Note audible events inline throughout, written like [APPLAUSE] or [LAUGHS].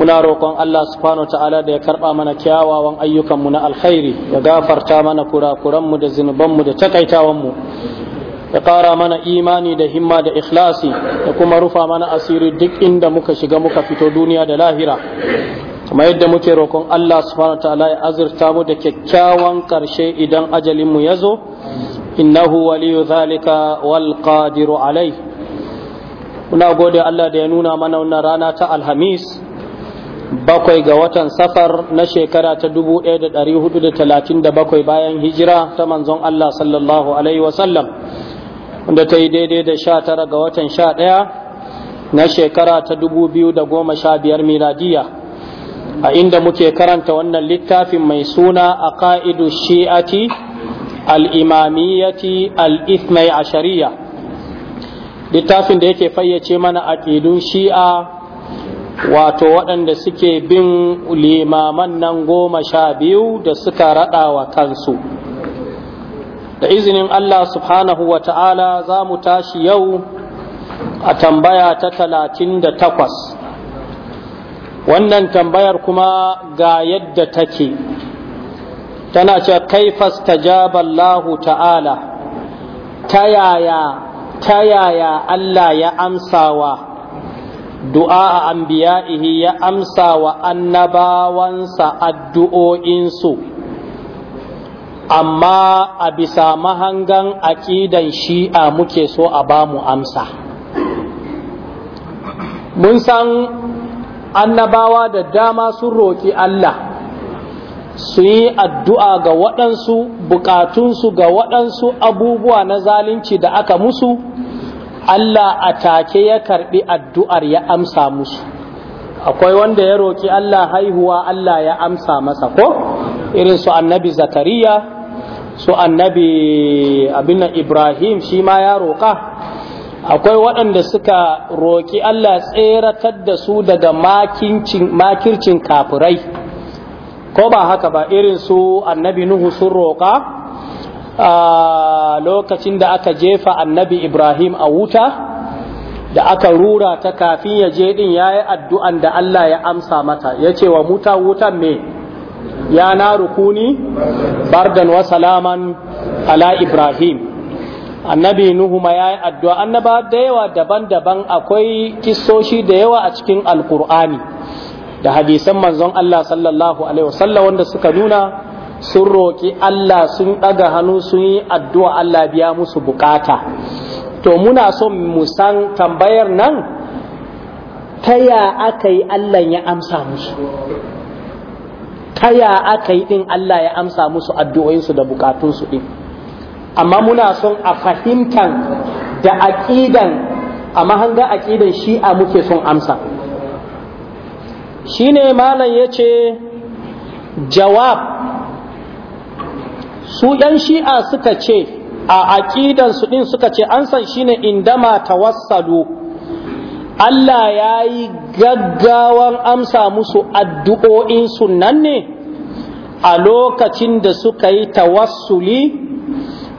muna roƙon Allah subhanahu ta'ala da ya karɓa mana kyawawan ayyukanmu na alkhairi ya gafarta mana kurakuranmu da zunubanmu da takaitawanmu ya ƙara mana imani da himma da ikhlasi da kuma rufa mana asiri duk inda muka shiga muka fito duniya da lahira kuma yadda muke roƙon Allah subhanahu ta'ala ya azurta mu da kyakkyawan ƙarshe idan ajalinmu ya zo innahu waliyu zalika wal qadiru alai muna gode Allah da ya nuna mana wannan rana ta alhamis bakwai ga watan safar na shekara ta da 1437 bayan hijira ta manzon Allah sallallahu alaihi wasallam wanda ta yi daidai da sha tara ga watan sha ɗaya na shekara ta da goma 2015 miladiya a inda muke karanta wannan littafin mai suna a ka'idu shi'ati al'imamiyyati al'ifmai ashariya littafin da yake fayyace mana aƙidun shi'a wato waɗanda suke bin limaman nan goma sha biyu da suka raɗa wa kansu da izinin Allah subhanahu wa ta'ala za mu tashi yau a tambaya ta talatin da takwas wannan tambayar kuma ga yadda take tana ce kaifas jaballahu ta'ala ta yaya ta yaya Allah ya amsawa du'a a anbiya'ihi ya amsa wa annabawansa addu'o'insu amma a bisa mahangan aƙidan shi'a muke so a ba mu amsa mun san annabawa da dama sun roƙi Allah su yi addu'a ga waɗansu buƙatunsu ga waɗansu abubuwa na zalunci da aka musu Allah a take ya karbi addu'ar ya amsa musu akwai wanda ya roƙi Allah haihuwa Allah ya amsa masa ko irin su annabi zakariya su annabi abin ibrahim shi ma ya roƙa. akwai waɗanda suka roƙi Allah tseratar da su daga makircin kafirai ko ba haka ba irin su annabi nuhu sun roƙa? a lokacin da aka jefa annabi ibrahim a wuta da aka rura ta kafin ya je din ya yi addu'an da Allah ya amsa mata ya ce wa muta wutan me ya na rukuni bardan wa salaman ala ibrahim annabi nuhu ma ya yi addu'a annaba da yawa daban-daban akwai kisoshi da yawa a cikin alkur'ani da hadisan manzon Allah sallallahu alaihi wasallam wanda suka nuna sun roƙi Allah sun ɗaga hannu sun yi addu'a Allah biya musu bukata to muna son mu san tambayar nan ta ya aka yi Allah ya amsa musu ta ya aka yi ɗin Allah ya amsa musu addu'o'insu da bukatunsu ɗin amma muna son a fahimtan da aƙidan a mahanga aƙidan shi'a muke son amsa Shi ne malam ya ce jawab su yan shi'a suka ce a aƙidansu ɗin suka ce an san shi shine indama tawassalu Allah ya yi gaggawan amsa musu addu'o'insu nan ne a lokacin da suka yi tawassuli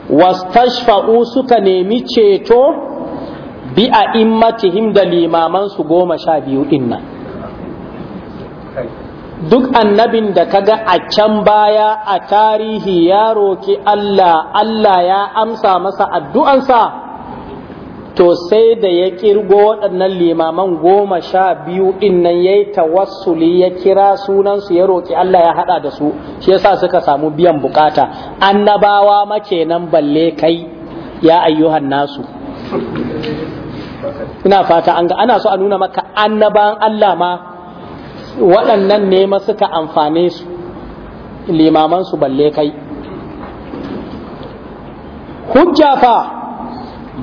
wastashfa'u suka nemi ceto bi a immatihim da limamansu goma sha biyu nan. duk annabin da kaga a can baya a tarihi ya roki Allah Allah ya amsa masa addu'ansa to sai da ya kirgo waɗannan limaman goma sha biyu innan ya yi tawassuli ya kira sunansu ya roki Allah ya haɗa da su shi yasa suka samu biyan bukata annabawa makenan balle kai ya ayyuhan nasu ina fata an ga ana so a nuna maka annaban Allah ma waɗannan ne suka amfane su limaman su balle kai hujja fa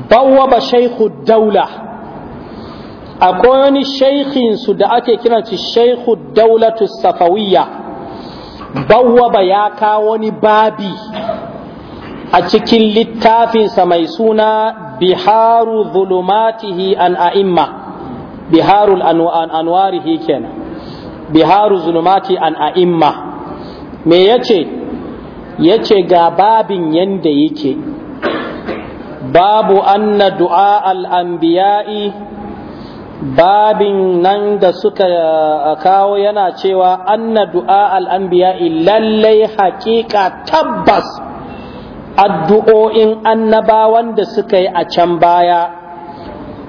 bawwaba shaykhu daula akwai wani shaykhin da ake kiran shi shaykhu daulatu safawiyya bawwaba ya kawo wani babi a cikin littafinsa mai suna biharu zulumatihi an a'imma biharul anwarihi kenan biharu zulumati an a'imma me yace yace ga babin yanda yake babu anna du'a al-anbiya'i babin nan da suka kawo yana cewa anna du'a al-anbiya'i lallai haƙiƙa tabbas addu'o'in annabawan da suka yi a can baya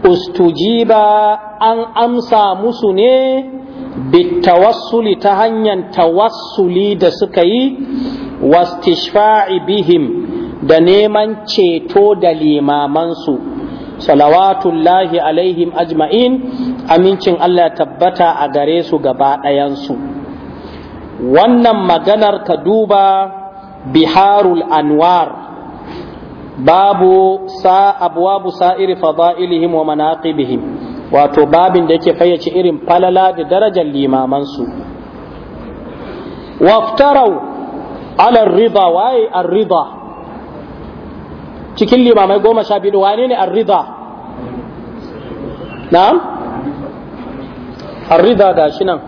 ustujiba an amsa musu ne bitawassuli ta hanyar tawassuli da suka yi wastishfa'i bihim da neman ceto da limamansu salawatullahi alaihim ajma'in amincin Allah tabbata a gare su gaba su wannan maganar ka duba biharul anwar babu sa abwabu sa'iri fada'ilihim wa manaqibihim wato babin da yake fayyace irin falala da darajar limamansu waftarau ala rida waye arrida cikin limamai goma sha biyu wane ne arrida na'am arrida ga shi nan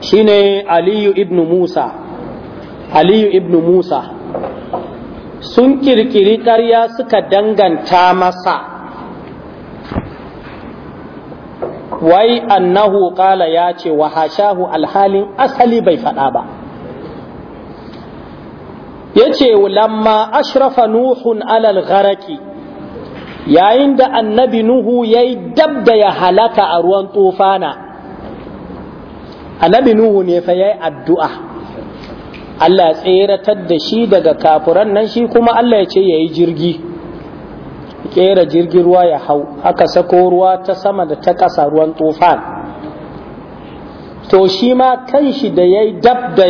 shine aliyu ibn musa aliyu ibn musa sun kirkiri ƙarya suka danganta masa wai annahu qala ya ce wa hashahu alhalin asali bai faɗa ba yace lamma ashrafa nuhun alal gharaki yayin da annabi nuhu yayi dab da ya halaka a ruwan tufana annabi nuhu ne fa yayi addu'a Allah ya tseratar da shi daga kafuran nan shi kuma Allah ya ce yayi jirgi kera jirgin ruwa ya hau aka sako ruwa ta sama da ta ƙasa ruwan tufan to shi ma kan shi da ya yi dab da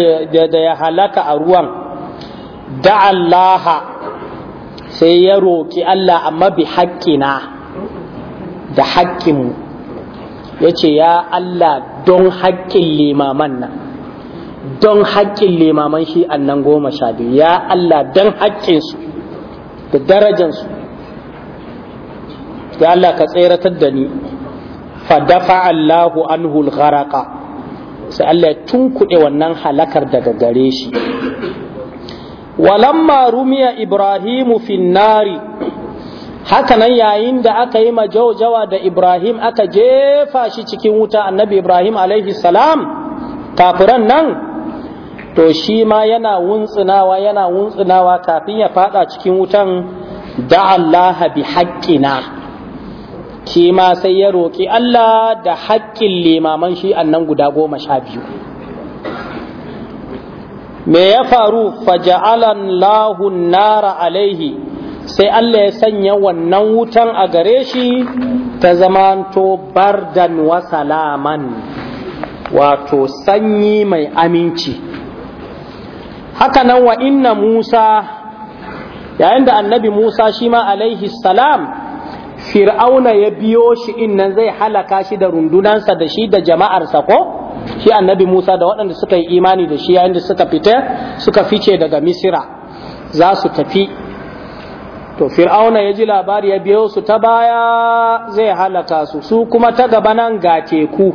ya halaka a ruwan da allaha sai ya roƙi allah amma bi haƙƙina da haƙƙinmu ya ce ya allah don haƙƙin limaman nan don haƙƙin limaman shi annan goma sha biyu ya allah don su da su. ya Allah ka tseratar da ni fa dafa Allahu anhu al-gharaqa sai Allah ya tunkuɗe wannan halakar daga gare shi walamma rumiya ibrahimu Finnari hakanan haka nan yayin da aka yi majaujawa da ibrahim aka jefa shi cikin wuta annabi ibrahim alaihi salam kafiran nan to shi ma yana wuntsinawa yana wuntsinawa kafin ya fada cikin wutan da Allah bi haƙƙina shi ma sai ya roƙi Allah da haƙƙin limaman shi annan guda goma sha biyu me ya faru faja'alan lahun nara alaihi sai Allah ya sanya wannan wutan a gare shi ta zamanto bardan wa salaman wato sanyi mai aminci hakanan wa inna Musa yayin da annabi Musa shi ma alaihi salam fir'auna ya biyo shi innan zai halaka shi da rundunansa da shi da jama'arsa ko shi annabi Musa da waɗanda suka yi imani da shi yayin da suka fita suka fice daga Misira za su tafi to fir'auna ya ji labari ya biyo su ta baya zai halaka su su kuma ta gaba nan ga teku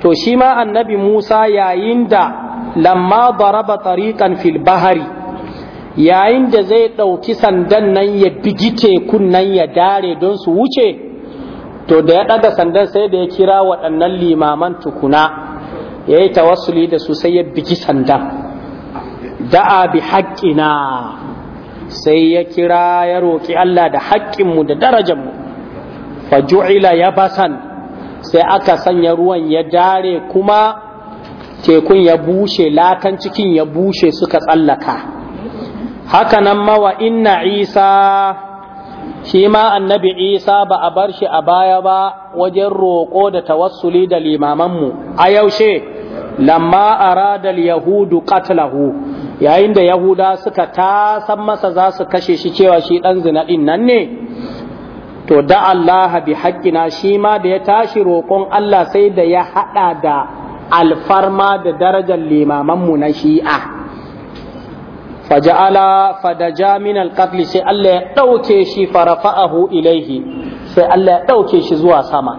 to shi ma annabi Musa yayin da lamma daraba tariqan fil bahari yayin da zai ɗauki sandan nan ya bigi tekun nan ya dare don su wuce to da ya ɗaga sandan sai da ya kira waɗannan limaman tukuna ya yi tawassuli da su sai ya bigi sandan da'a bi haƙƙina sai ya kira ya roƙi Allah da haƙƙinmu da darajanmu fa ju'ila ya basan sai aka sanya ruwan ya dare kuma tekun ya bushe latan cikin ya bushe suka tsallaka haka nan mawa inna isa shi ma annabi isa ba a bar shi a baya ba wajen roƙo da tawassuli da limamanmu a yaushe lamma aradal yahudu qatlahu yayin da yahuda suka tasan masa za su kashe shi cewa shi ɗan zina din nan ne to da Allah bi haƙƙina shi ma da ya tashi roƙon Allah sai da ya haɗa da alfarma da darajar limamanmu na shi'a faja'ala fadaja min alqatl sai Allah ya dauke shi farafa'ahu ilaihi sai Allah ya dauke shi zuwa sama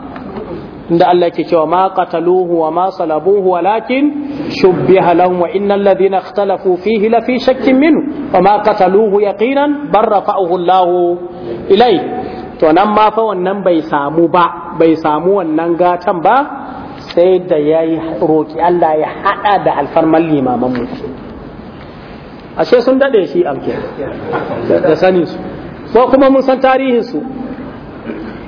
inda Allah yake cewa ma qataluhu wa ma salabuhu walakin shubbiha lahum wa innal ladhina ikhtalafu fihi la fi shakkin min wa ma qataluhu yaqinan bar rafa'ahu Allah ilai, to nan ma fa wannan bai samu ba bai samu wannan gatan ba sai da ya roƙi Allah ya haɗa da alfarman limaman mu. ashe sun dade shi amke da sanin su ko kuma mun san tarihin su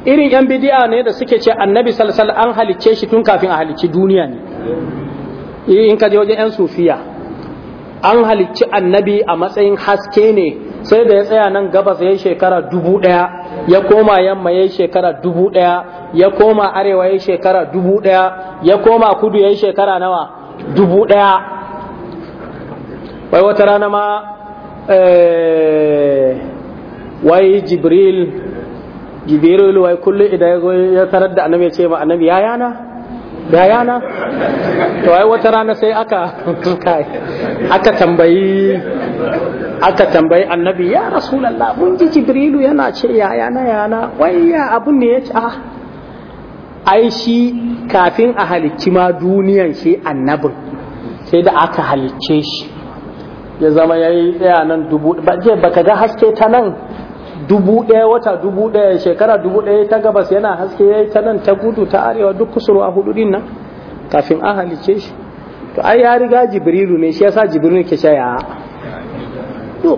irin yan bidi'a ne da suke ce annabi salsal an halicce shi tun kafin a halicci duniya ne eh, in ka je wajen yan sufiya an halicci annabi a matsayin haske ne sai da ya tsaya nan gabas ya shekara dubu ɗaya ya koma yamma ya shekara dubu ɗaya ya koma arewa ya shekara dubu ɗaya ya koma kudu ya shekara nawa dubu ɗaya wai wata rana ma eh, wai jibril jibril wai kullum idan ya tarar da annabi ya ce ma annabi ya yana ya yana to wai wata rana sai aka [LAUGHS] aka tambayi aka tambayi annabi ya rasulallah mun ji jibrilu yana ce ya yana yana wai ya abun ne ya ce ah ai shi kafin a halicci ma duniyan shi annabin sai da aka halicce shi ya zama ya yi tsaya nan dubu ba je baka ga haske ta nan dubu ɗaya wata dubu ɗaya shekara dubu ɗaya ta gabas yana haske ya yi ta nan ta gudu ta arewa duk kusurwa hudu din nan kafin an halice shi to ai ya riga jibrilu ne shi yasa jibrilu ke ce ya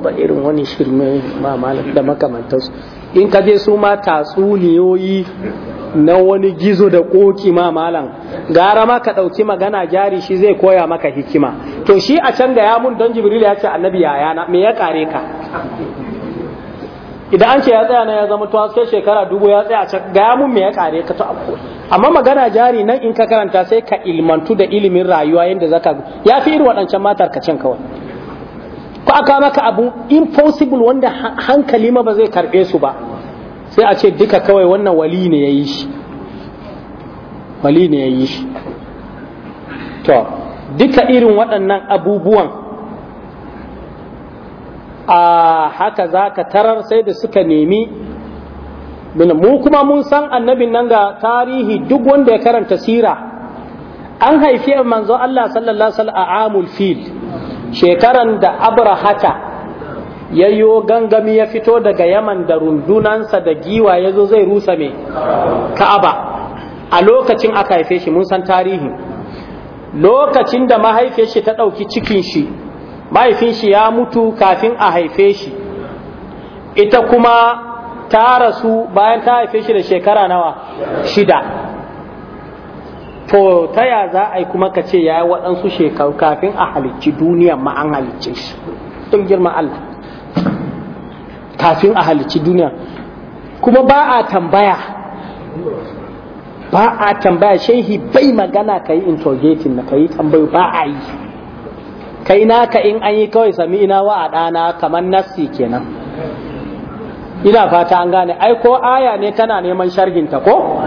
ba irin wani shirme ma malam da makamantarsu in ka je su ma tatsuniyoyi na wani gizo da ƙoƙi ma malam gara ma ka ɗauki magana jari shi zai koya maka hikima to shi a can gaya mun don jibril ya ce annabi yayana me ya kare ka idan an ce ya tsaya na ya zama to sai shekara dubu ya tsaya a can gaya mun me ya kare ka to amma magana jari nan in ka karanta sai ka ilmantu da ilimin rayuwa yadda zaka ya fi irin waɗancan matar ka can kawai ko aka maka abu impossible wanda hankali ma ba zai karɓe su ba sai a ce duka kawai wannan wali ne ya yi shi wali ne ya yi shi to duka irin waɗannan abubuwan a haka za ka tarar sai da suka nemi mu kuma mun san annabin nan ga tarihi duk wanda ya karanta sira an haifi manzo Allah sallallahu alaihi wasallam a amul fil shekaran da abrahata yayyo gangami ya fito daga yaman da rundunansa da giwa ya zo zai rusa mai ka'aba a lokacin aka haife shi mun san tarihi lokacin da mahaifiyar shi ta ɗauki cikin shi mahaifin shi ya mutu kafin a haife shi ita kuma ta rasu bayan ta haife shi da shekara nawa shida to ta ya za a yi kuma ka ce ya yi waɗansu shekaru kafin a halicci duniya ma an halicce shi don girma Allah kafin a halicci duniya kuma ba a tambaya ba a tambaya shehi bai magana ka yi interrogating na ka yi tambayi ba a yi kai naka in an yi kawai sami ina wa a ɗana kamar nassi kenan ina fata an gane ai ko aya ne tana neman sharhinta ko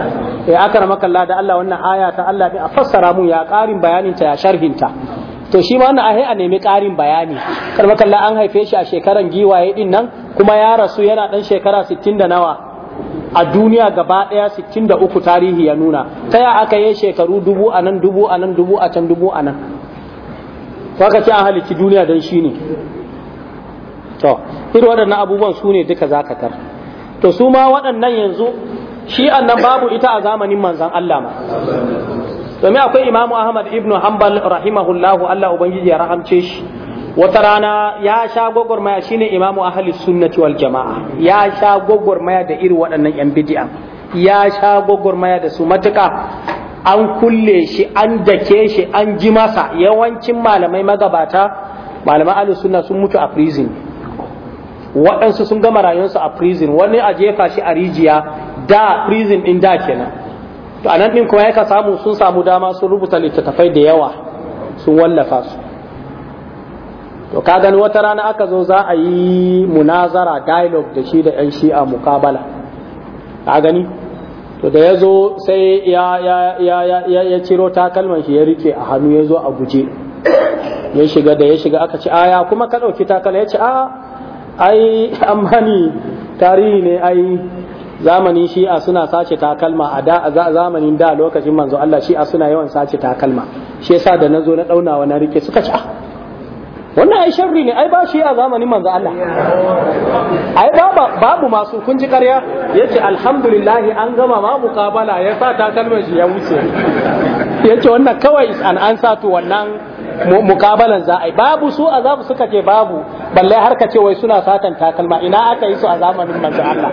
eh aka ramakalla da Allah wannan aya ta Allah ne a fassara mun ya bayanin ta ya sharhinta to shi ma wannan ahe a nemi ƙarin bayani karba kalla an haife shi a shekaran giwaye din nan kuma ya rasu yana dan shekara 60 da nawa a duniya gaba daya 63 tarihi ya nuna ta ya aka yi shekaru dubu a nan dubu a nan dubu a can dubu a nan ka ce an halicci duniya don shi ne to irin waɗannan abubuwan su ne duka zaka tar to su ma waɗannan yanzu shi annan babu ita a zamanin manzan Allah ma domin akwai imamu ahmad ibnu hanbal rahimahullahu allah ubangiji ya rahamce shi wata rana ya sha gwagwarmaya shine imamu ahli sunnati wal jama'a ya sha gwagwarmaya da irin waɗannan yan bid'a ya sha gwagwarmaya da su matuka an kulle shi an dake shi an ji masa yawancin malamai magabata malaman ahli sunna sun mutu a prison waɗansu sun gama rayuwarsu a prison wani a jefa shi a rijiya da prison ɗin da kenan to a nan din kuma ya ka samu sun samu dama sun rubuta littattafai da yawa sun wallafa su to ka gani wata rana aka zo za a yi munazara dialogue da shi da yan shi'a mukabala ka gani to da ya zo sai ya ya ya ya ciro takalman shi ya rike a hannu ya zo a guje ya shiga da ya shiga aka ce aya kuma ka ɗauki takalma ya ce a ai [LAUGHS] amma ni tarihi ne ai zamanin shi'a suna sace takalma a da zamanin da lokacin manzo Allah shi'a suna yawan sace takalma shi yasa da nazo na daunawa na rike suka ci ah, wannan ai sharri ne ai ba shi a zamanin manzo Allah ai babu masu kun ji ƙarya yace alhamdulillah an gama ma mukabala ya sa takalmar shi ya wuce yace wannan kawai is an answer to wannan mukabalan za a yi babu su azabu suka ce babu balle har ka ce wai suna satan takalma ina aka yi su a zamanin manzo Allah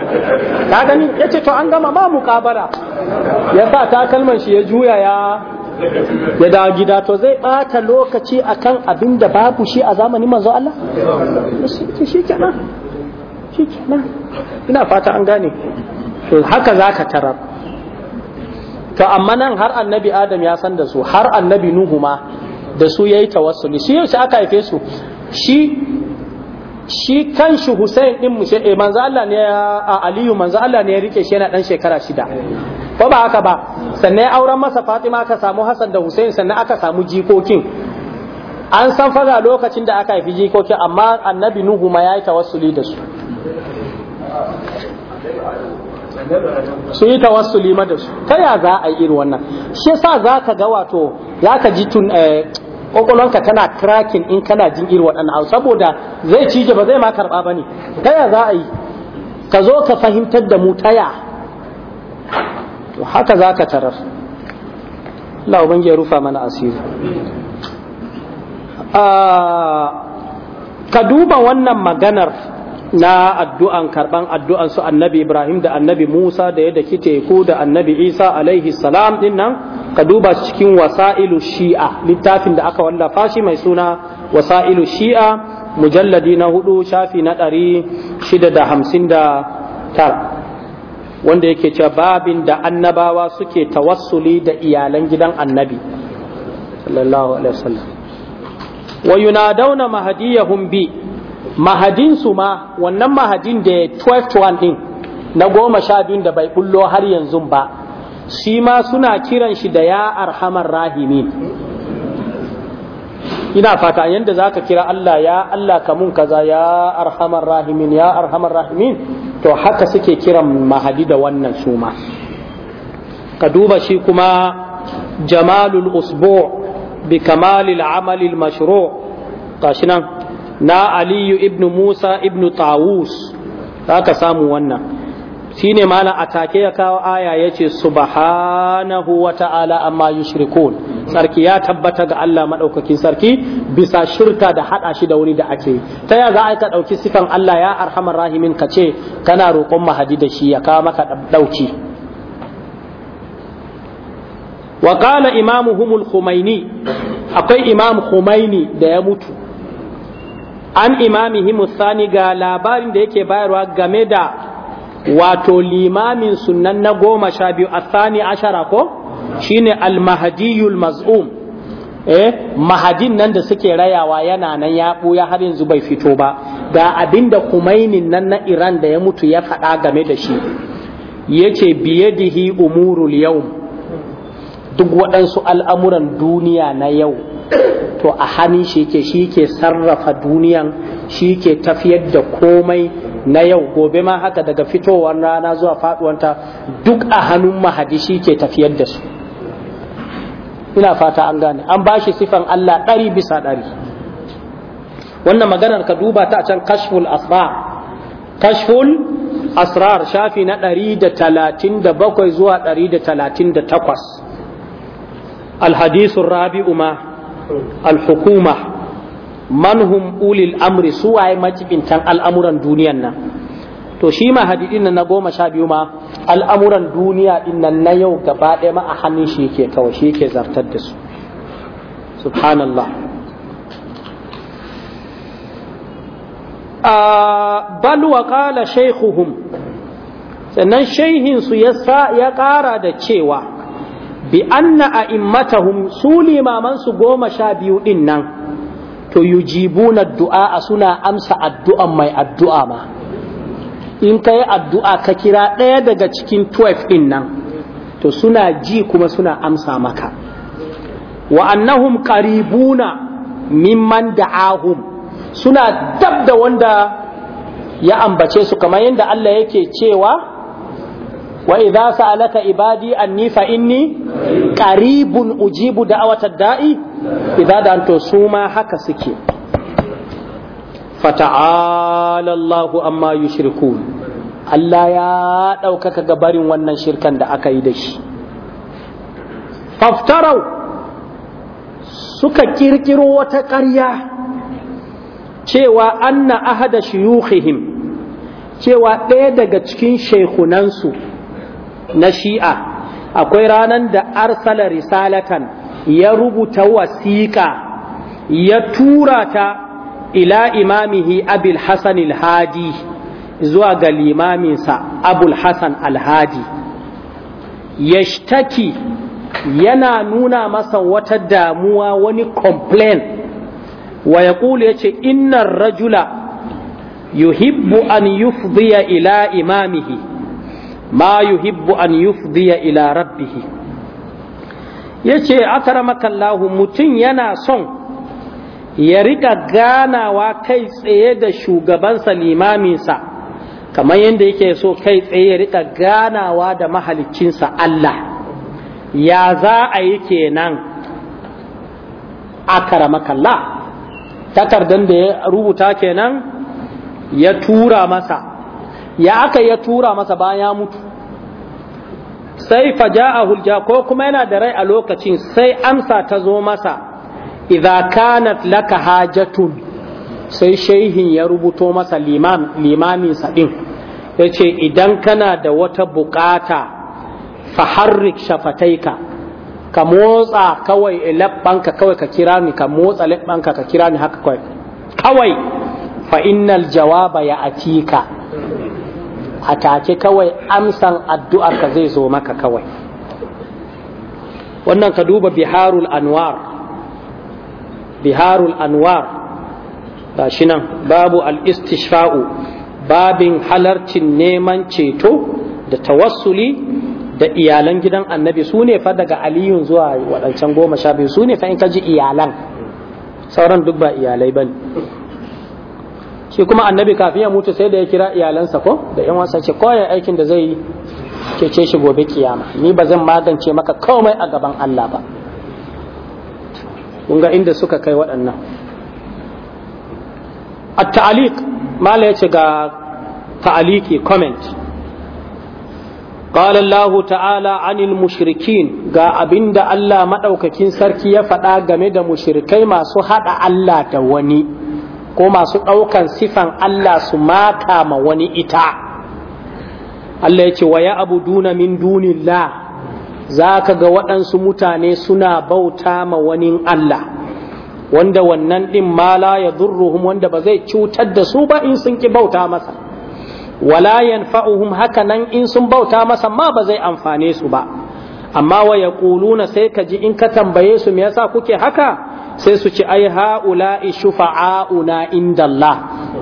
ka gani yace to an gama ma mukabala ya sa takalman shi ya juya ya ya dawo gida to zai bata lokaci akan abin da babu shi a zamanin manzo Allah shi kenan shi kenan ina fata an gane to haka zaka tarar to amma nan har annabi adam ya san da su har annabi nuhu ma da su yayi tawassuli shi yaushe aka haife su shi shi kanshi Hussein din mu sai eh, manzo Allah ne a Aliyu manzo Allah ne ya rike shi yana dan shekara shida ko ba haka ba sannan ya auren masa Fatima aka samu Hassan da Hussein sannan aka samu jikokin an san faga lokacin da aka haifi jikokin amma annabi Nuhu ma yayi tawassuli da su su yi tawassuli ma da su ta ya za a yi irin wannan shi sa za ka ga wato za ka ji tun eh, kwakwalwanka tana cracking in kana jin irin waɗannan abu saboda zai cije ba zai ma karɓa ba ne taya za a yi ka zo ka fahimtar da mu taya to haka za ka tarar Allah ubangiji ya rufa mana asiri ah, ka duba wannan maganar na addu'an karɓan addu'an su annabi Ibrahim da annabi Musa da yadda ki teku da annabi Isa alaihi salam ɗin nan ka duba cikin wasa'ilu shi'a littafin da aka wallafa shi mai suna wasa'ilu shi'a mujalladi na hudu shafi na ɗari shida da hamsin da tara wanda yake cewa babin da annabawa suke tawassuli da iyalan gidan annabi sallallahu alaihi wasallam wa yunadauna mahdiyahum bi mahadinsu ma wannan mahadin da 12 to 1 din na goma sha biyun da bai bullo har yanzu ba shi ma suna kiran shi da ya arhamar rahimin ina fata yadda za ka kira Allah ya Allah mun kaza ya arhamar rahimin ya arhamar rahimin to haka suke kiran mahadi da wannan suma ka duba shi kuma jamalul usbu bi kamalil amalil mashru' gashi nan na aliyu ibn musa ibn tawus za ka samu wannan Shi ne malam a take ya kawo aya ya ce subhanahu wa ta'ala amma yushrikun sarki ya tabbata ga Allah maɗaukakin sarki bisa shirka da haɗa shi da wuri da ake ta ya za a ka ɗauki sifan Allah ya arhamar rahimin ka ce kana roƙon mahadi da shi ya kawo maka ɗauki wa qala imamu humul khumaini akwai imam khumaini da ya mutu an imami Sani ga labarin da yake bayarwa game da wato limamin sunan na goma sha biyu asani ashara ko shine almahadiyul maz'um eh mahadin nan da suke rayawa yana nan ya ɓuya, har yanzu bai fito ba ga abinda kumainin nan na Iran da ya mutu ya faɗa game da shi Ya da biyadihi umurul yau duk waɗansu al'amuran duniya na yau to a hannun shi ke shi ke sarrafa duniyan shi ke tafiyar da komai na yau gobe ma haka daga fitowar rana zuwa faduwanta duk a hannun mahadi shi ke tafiyar da su ina fata an gane an ba shi sifan Allah ɗari bisa ɗari wannan maganar ka duba ta a can kashful asra kashful asrar shafi na ɗari da talatin da bakwai zuwa ɗari da talatin da takwas alhadisun rabi'u ma Alhukuma hukuma man hum ulil amri su waye macibintan al'amuran duniyan nan to shi ma hadidin na goma sha biyu ma al'amuran duniya din na yau gaba ɗaya ma a hannun shi yake kawai shi yake zartar da su subhanallah bal wa qala shaykhuhum sannan shaihinsu ya ƙara da cewa bi anna a'immatahum su limamansu su goma sha biyu din nan to yujibuna du'a suna amsa addu'an mai addu'a ma in ka yi addu'a ka kira ɗaya daga cikin 12 ɗin nan to suna ji kuma suna amsa maka wa annahum qaribuna mimman da'ahum suna dab da wanda ya ambace su kamar yadda Allah yake cewa wa idza sa'alaka ibadi anni fa inni qaribun ujibu da'watad da'i idza da suma haka suke fata'ala Allahu amma yushrikun Allah ya ɗaukaka gabarin wannan shirkan da aka yi da shi faftarau suka kirkiro wata ƙarya cewa anna ahada shuyukhihim cewa ɗaya daga cikin shekunansu na shi'a akwai ranar da arsala risalatan ya rubuta wasiƙa ya tura ta ila imamihi abul hasan alhaji zuwa ga limaminsa abul hasan alhaji yashtaki yana nuna masa wata damuwa wani complain wa ya ce innar rajula yuhibbu an yufdiya ila imamihi ma yuhibbu an yufdiya ila rabbih yace akramakallahu mutum yana son ya riƙa ganawa kai tsaye da shugabansa limaminsa kamar yadda yake so kai tsaye ya riƙa ganawa da mahaliccinsa Allah ya za a yi kenan akramakallah Takardan da ya rubuta kenan ya tura masa ya aka ya tura masa ba ya mutu sai a hulja ko kuma yana da rai a lokacin sai amsa ta zo masa idza kanat laka hajatun sai shaihin ya rubuto masa limamin limamin sadin yace idan kana da wata bukata faharrik shafataika ka motsa kawai labbanka kawai ka kira ni ka motsa labbanka ka kira ni haka kawai kawai fa innal jawaba ya atika a take kawai amsan addu'ar ka zai zo maka kawai wannan ka duba biharul anwar biharul anwar ba shi nan babu al-istishfa'u babin halarcin neman ceto da tawassuli da iyalan gidan annabi su ne fa daga aliyun zuwa waɗancan goma sha biyu su ne fa in ka ji iyalan sauran duk ba iyalai ba ne shi kuma annabi kafin ya mutu sai da ya kira iyalansa ko da yan wasa ce koyan aikin da zai kece shi gobe kiyama ni ba zan magance maka komai a gaban Allah ba kun ga inda suka kai waɗannan at taliq mala yace ga ta'aliki comment قال الله ga abinda Allah غا sarki ya faɗa game da غمد masu ما Allah الله wani. ko masu ɗaukan sifan Allah su mata ma wani ita Allah ya ce wa ya abu duna min dunillah za ka ga waɗansu mutane suna bauta ma wani Allah wanda wannan ɗin ma la ya durruhum wanda ba zai cutar da su ba in sun ki bauta masa wala yanfa'uhum haka nan in sun bauta masa ma ba zai amfane su ba amma wa yaquluna sai ka ji in ka tambaye su me yasa kuke haka sai su ce ai ha'ula'i shufa'auna inda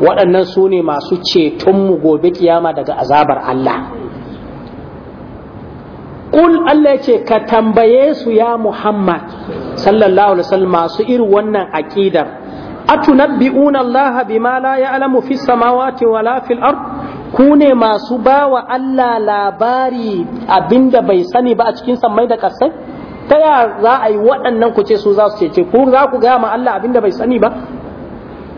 waɗannan su ne masu ceton mu gobe kiyama daga azabar Allah Kul Allah ya ce ka tambaye su ya Muhammad sallallahu alaihi wasallam masu irin wannan aqidar atunabbi'una Allah bima la ya'lamu fis samawati wala fil ard ku ne masu bawa Allah labari abinda bai sani ba a cikin sammai da ƙasai ta ya za a yi waɗannan ku ce su za su ce ku za ku gaya ma Allah da bai sani ba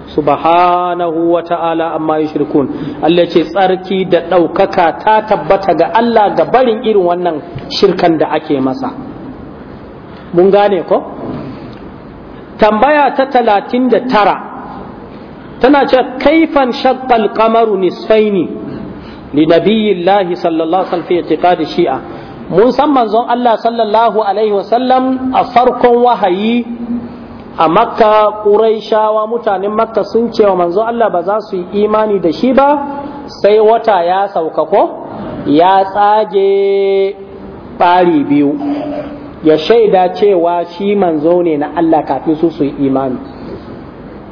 subhanahu wa ta'ala amma yushrikun Allah ce tsarki da ɗaukaka ta tabbata ga Allah ga barin irin wannan shirkan da ake masa mun gane ko tambaya ta talatin da tara tana ce kaifan shaqqal qamaru nisfaini li nabiyyillahi sallallahu alaihi fi shi'a mun san manzon Allah sallallahu alaihi wasallam a farkon wahayi a makka ƙuraishawa mutanen makka sun ce wa manzon Allah ba za su yi imani da shi ba sai wata ya sauka ko ya tsage ɓari biyu ya shaida cewa shi manzo ne na Allah kafin su su yi imani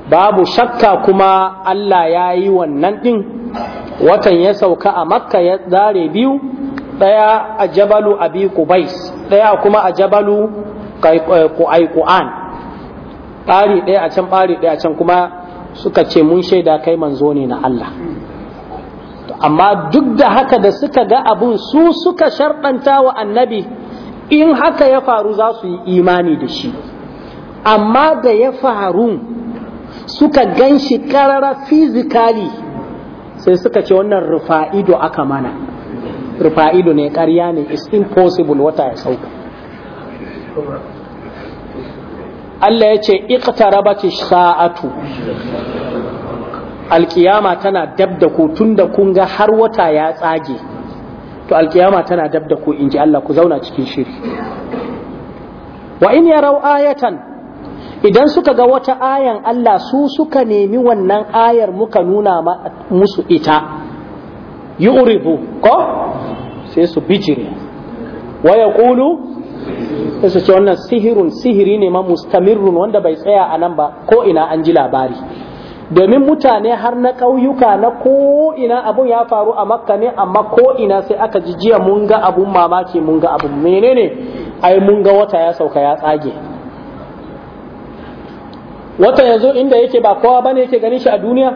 babu shakka kuma Allah ya yi wannan ɗin watan ya sauka a makka ya zare biyu ɗaya a jabalu abi kubais ɗaya kuma a jabalu eh, ku'aiku'an ɓari ɗaya a can ɓari ɗaya a can kuma suka ce mun shaida kai manzo ne na Allah amma duk da haka da suka ga abun su suka sharɗanta wa annabi in haka ya faru za su yi imani da shi amma da ya faru suka gan shi ƙarara fizikali sai suka ce wannan rufa ido aka mana rufa'ido ne ƙarya ne it's impossible wata ya sauka Allah ya ce iqtarabati sa'atu alkiyama tana dab da ku tunda kun ga har wata ya tsage to alkiyama tana dab da ku inji Allah ku zauna cikin shiri wa in yarau ayatan idan suka ga wata ayan Allah su suka nemi wannan ayar muka nuna musu ita yu'ridu ko sai su bijire wa kulu? sai su ce wannan sihirun sihiri ne ma mustamirrun wanda bai tsaya a nan ba ko ina an ji labari domin mutane har na ƙauyuka na ko ina abun ya faru a makka ne amma ko ina sai aka ji jiya mun ga abun mamaki mun ga abun menene ai mun ga wata ya sauka ya tsage wata yanzu inda yake ba kowa bane yake ganin shi a duniya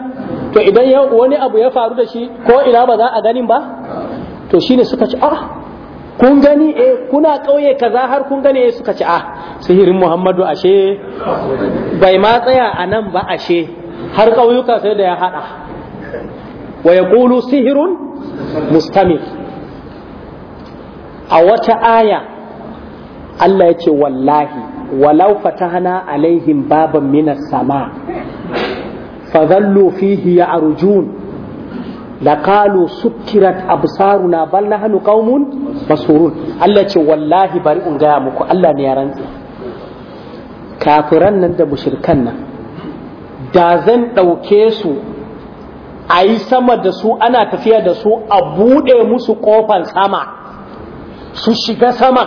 to idan wani abu ya faru da shi ko ina ba za a ganin ba to shine suka ci ah kun gani eh kuna ƙauye kaza har kun gani eh suka ci ah sihirin Muhammadu ashe bai ma tsaya a nan ba ashe har ƙauyuka sai da ya haɗa wa ya ƙulu sihirun mustami a wata aya Allah ya ce wallahi walau fatahana alaihim baban minas sama fadhallu fihi ya'rujun laqalu sukkirat absaruna bal nahnu qaumun basurun Allah ce wallahi bari in gaya muku Allah ne ya rantsa kafiran nan da mushrikan nan da zan ɗauke su ayi sama da su ana tafiya da su a buɗe musu ƙofan sama su shiga sama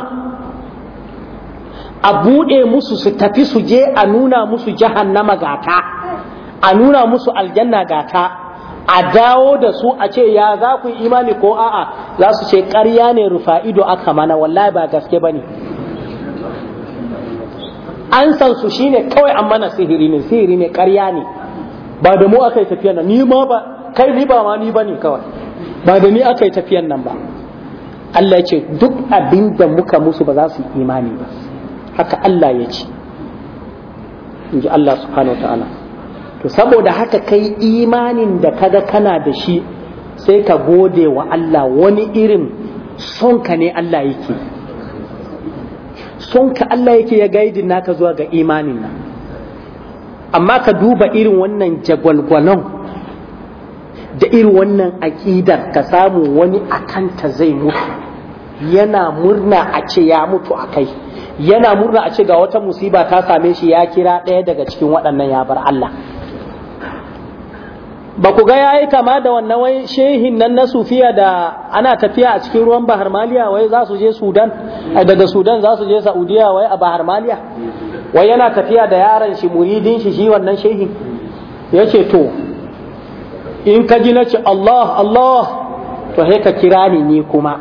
a buɗe musu su tafi su je a nuna musu na magata. a nuna musu aljanna gata, a dawo da su a ce ya za ku imani ko a'a za su ce karya ne rufa ido aka mana wallahi ba gaske ba ne an san su shi ne kawai an mana sihiri ne sihiri ne ƙarya ne ba da mu aka yi tafiyan nan ni ma ba kai ni ba ma ni ba ne kawai ba da ni aka yi tafiyan nan ba Allah ya ce duk abin da muka musu ba za su imani ba haka Allah ya ce in ji Allah subhanahu wa ta'ala to saboda haka kai imanin da kaga kana da shi sai ka gode wa Allah wani irin sonka ne Allah yake sonka Allah yake ya gaidin naka zuwa ga imanin nan amma ka duba irin wannan jagwalgwalon da irin wannan aƙidar ka samu wani akanta zai mutu yana murna a ce ya mutu a kai yana murna a ce ga wata musiba ta same shi ya kira ɗaya daga cikin waɗannan ya bar Allah ba ku ga yayi kama da wannan wai shehin nan na sufiya da ana tafiya a cikin ruwan bahar maliya wai za su je sudan daga sudan za su je saudiya wai a bahar maliya wai yana tafiya da yaran shi muridin shi shi wannan shehin yace ce to in ka ji na allah allah to sai ka kira ni ni kuma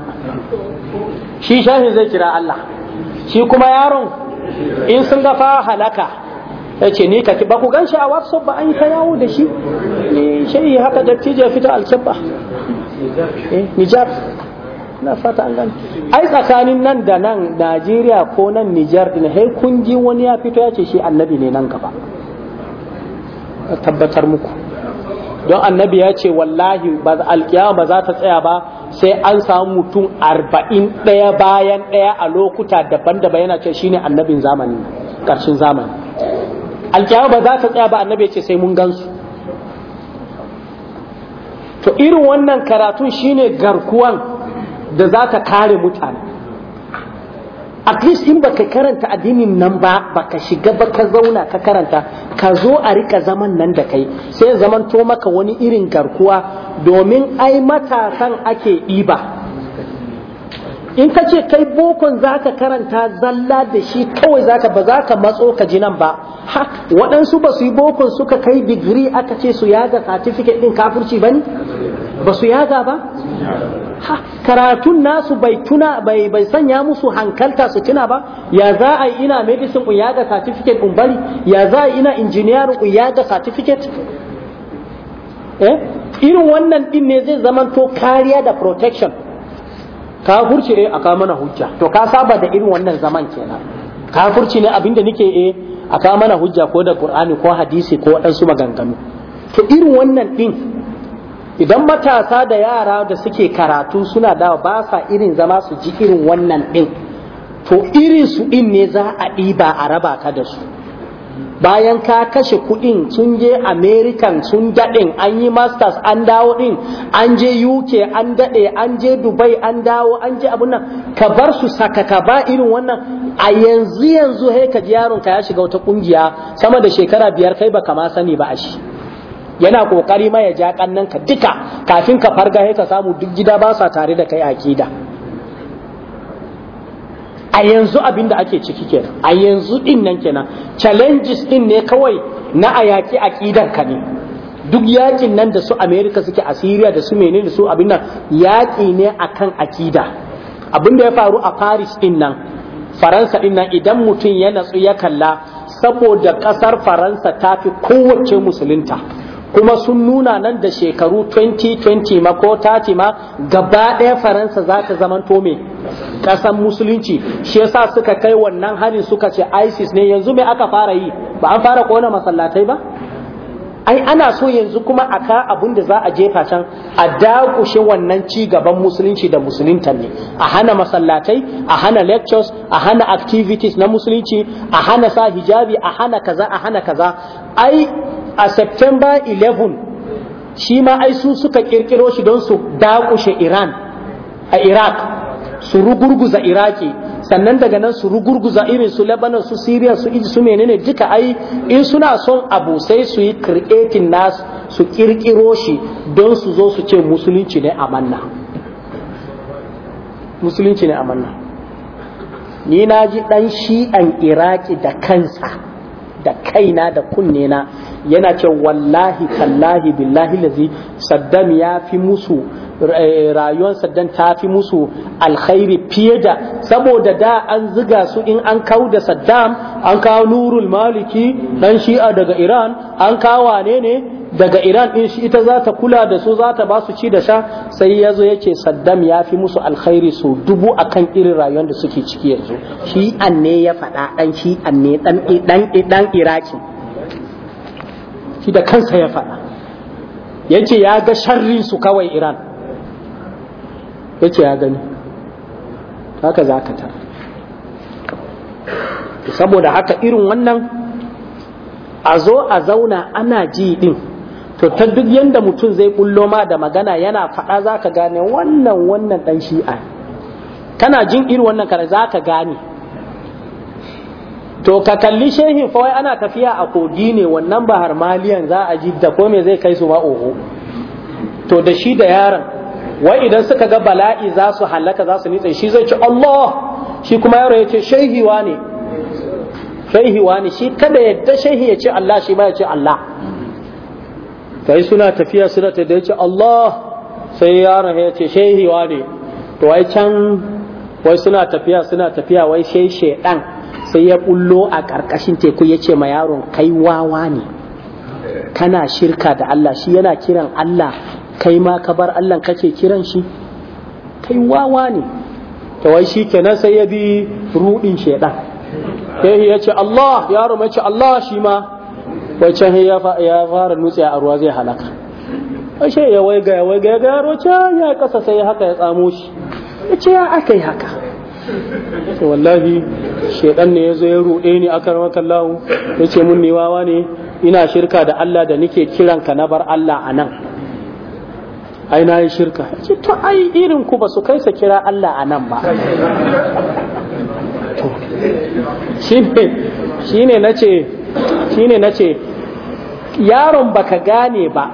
shi shehin zai kira allah shi kuma yaron in sun ga fa halaka ya ce ni kake ba ku gan shi a whatsapp ba an yi ta yawo da shi e, shi yi haka dattijo ya fita alkyabba e, nijar na fata an gani ai tsakanin nan da nan najeriya ko nan nijar din hai kun wani ya fito ya ce shi annabi ne nan gaba tabbatar muku don annabi ya ce wallahi alkiyama ba za ta tsaya ba sai an samu mutum arba'in ɗaya bayan ɗaya a lokuta daban-daban yana ce shine annabin zamani ƙarshen zamani alkiyama ba za ta tsaya ba annabi ce sai mun gansu to irin wannan karatun shine garkuwan da za ta kare mutane at least in ka karanta addinin nan ba ba ka shiga ba ka zauna ka karanta ka zo a rika zaman nan da kai sai zaman to maka wani irin garkuwa domin ai matasan ake ɗiba in ka ce kai bokon za ka karanta zalla da shi kawai za ka ba za ka matso ka ji nan ba ha waɗansu ba su yi bokon suka kai digiri aka ce su yaga certificate ɗin kafurci ba ne ba su yaga ba ha karatun nasu bai tuna bai bai sanya musu hankalta su tuna ba ya za a yi ina medicine in yaga certificate in bari ya za a yi ina engineer in yaga certificate eh irin wannan din ne zai to kariya da protection Ka furce eh aka mana hujja to ka saba da irin wannan zaman kenan ka kafurci ne abinda nake eh aka mana hujja ko da qur'ani ko hadisi ko waɗansu maganganu to irin wannan din idan matasa da yara da suke karatu suna dawa ba sa irin zama su ji irin wannan din to irin su din ne za a ɗiba a raba ka da su bayan ka kashe kudin sun je american sun daɗin an yi masters an dawo ɗin an je uk an daɗe an je dubai an dawo an je abun nan ka bar su saka ka ba irin wannan a yanzu yanzu hai ka yaron ka ya shiga wata kungiya sama da shekara biyar kai baka ma sani ba a shi yana kokari ma ya ja kannan duka kafin ka farga he ka samu duk gida ba sa tare da kai akida a yanzu abin da ake ciki kenan a yanzu din nan kenan challenges din ne kawai na a yaƙi aƙidar ka ne duk yakin nan da su america suke a syria da su menene su abin nan yaƙi ne akan aƙida abin da ya faru a paris din nan faransa din nan idan mutum ya natsu ya kalla saboda ƙasar faransa ta fi kowace musulunta kuma sun nuna nan da shekaru 2020 ma ko ce ma gaba ɗaya faransa za ta zama tome ƙasan musulunci shi yasa suka kai wannan harin suka ce isis ne yanzu me aka fara yi ba an fara kona masallatai ba ai ana so yanzu kuma a ka abin da za a jefa can a dakushe wannan ci gaban musulunci da musulunta ne a hana masallatai a hana lectures a hana activities na musulunci a hana sa hijabi a hana kaza a hana kaza ai a september 11 shi ma ai su suka kirkiro shi don su dakushe iran a iraq su rugurguza iraki sannan daga nan su rugurguza irin su lebanon su syria su Egypt, su menene duka ai in suna son abu sai su yi creating nas su kirkiro shi don su zo su ce musulunci ne amanna musulunci ne amanna ni na ji dan shi'an iraki da kansa da kaina da kunne na yana ce wallahi kallahi billahi lazi saddam ya fi musu Eh, rayuwarsa dan ta fi musu alkhairi fiye da saboda da an ziga su in an kawo da saddam an kawo nurul maliki dan shi'a daga iran an kawo wane ne daga iran din shi ita za ta kula da su za ta ba su ci da sha sai ya zo ya ce saddam ya fi musu alkhairi su dubu a kan irin rayuwar da suke ciki yanzu shi an ne ya faɗa dan shi an ne dan iraki shi da kansa ya faɗa ya ya ga sharrin su kawai iran ya ce ya gani haka za ka ta saboda haka irin wannan a zo a zauna ana ji din to ta duk yadda mutum zai bullo ma da magana yana faɗa za ka gane wannan wannan ɗan shi'a kana jin irin wannan kare za ka gane to ka kalli shehin fawai ana tafiya a kogi ne wannan ba maliyan za a ji da ko zai kai su ma oho to da shi da yaron wai idan suka ga bala'i za su halaka za su nitsa shi zai ce Allah shi kuma yaro ya ce shaihiwa ne shaihiwa ne shi kada yadda shaihi ya ce Allah shi ma ya ce Allah kai suna tafiya suna ta da ya ce Allah sai yaro ya ce shaihiwa ne to wai can wai suna tafiya suna tafiya wai shai shaidan sai ya kullo a karkashin teku ya ce ma yaron kai wawa ne kana shirka da Allah shi yana kiran Allah kai ma ka bar Allah kake kiran shi kai wawa ne to wai shi shikenan sai ya bi rudin shedan sai ya ce Allah yaro mai ce Allah shi ma wai ya fara nutse a ruwa zai halaka ashe ya waiga ya waiga ya ga ce ya kasa sai haka ya tsamo shi ya ce ya aka yi haka sai wallahi shedan ne ya zo ya ruɗe ni aka ramaka kallahu ya ce mun ni wawa ne ina shirka da Allah da nike kiranka na bar Allah a nan ai na yi shirka ce to ai irin ku ba su kai sa kira Allah a nan ba shine na ce shine na ce yaron baka gane ba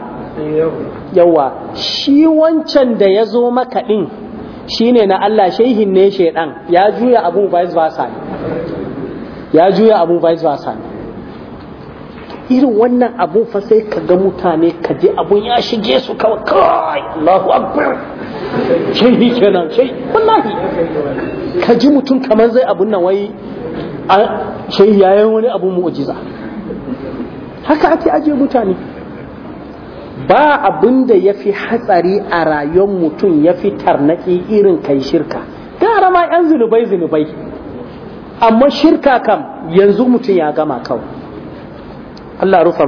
yawa shi wancan da ya zo maka ɗin shine na Allah shehin ne shaidan ya juya abu vice versa ya juya Abu, vice versa ne irin wannan abun fa sai ka ga mutane ka ji abun ya shige su kawai kai Allahu akbar shehi kenan shehi wallahi ka ji mutum kamar zai abun nan wai shehi yayin wani abu mu'jiza haka ake ajiye mutane ba abin da ya fi hatsari a rayuwar mutum ya fi tarnaki irin kai shirka gara ma 'yan zunubai zunubai amma shirka kam yanzu mutum ya gama kawai Allah rufa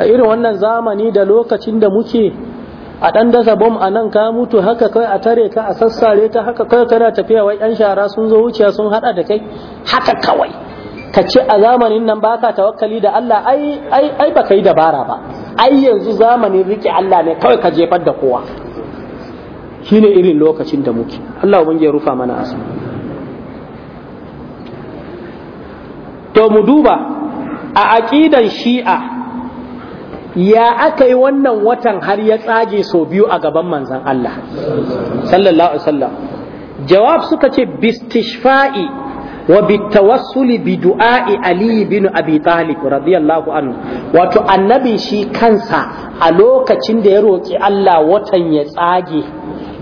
a irin wannan zamani da lokacin da muke a ɗan dasa bom a nan ka mutu haka kai a tare ka a sassare ka haka kai kana tafiya wai yan shara sun zo wuciya sun hada da kai haka kawai ka ce a zamanin nan baka tawakkali da Allah ai ai ai baka yi dabara ba ai yanzu zamani rike Allah ne kawai ka jefar da kowa shine irin lokacin da muke Allah ubangiji ya rufa mana asiri to mu duba a aƙidan shi'a ya aka yi wannan watan har ya tsage sau biyu a gaban manzan Allah sallallahu alaihi wasallam jawab suka ce bistishfa'i wa bitawassuli bi du'a'i ali bin abi talib radiyallahu anhu wato annabi shi kansa a lokacin da ya roki Allah watan ya tsage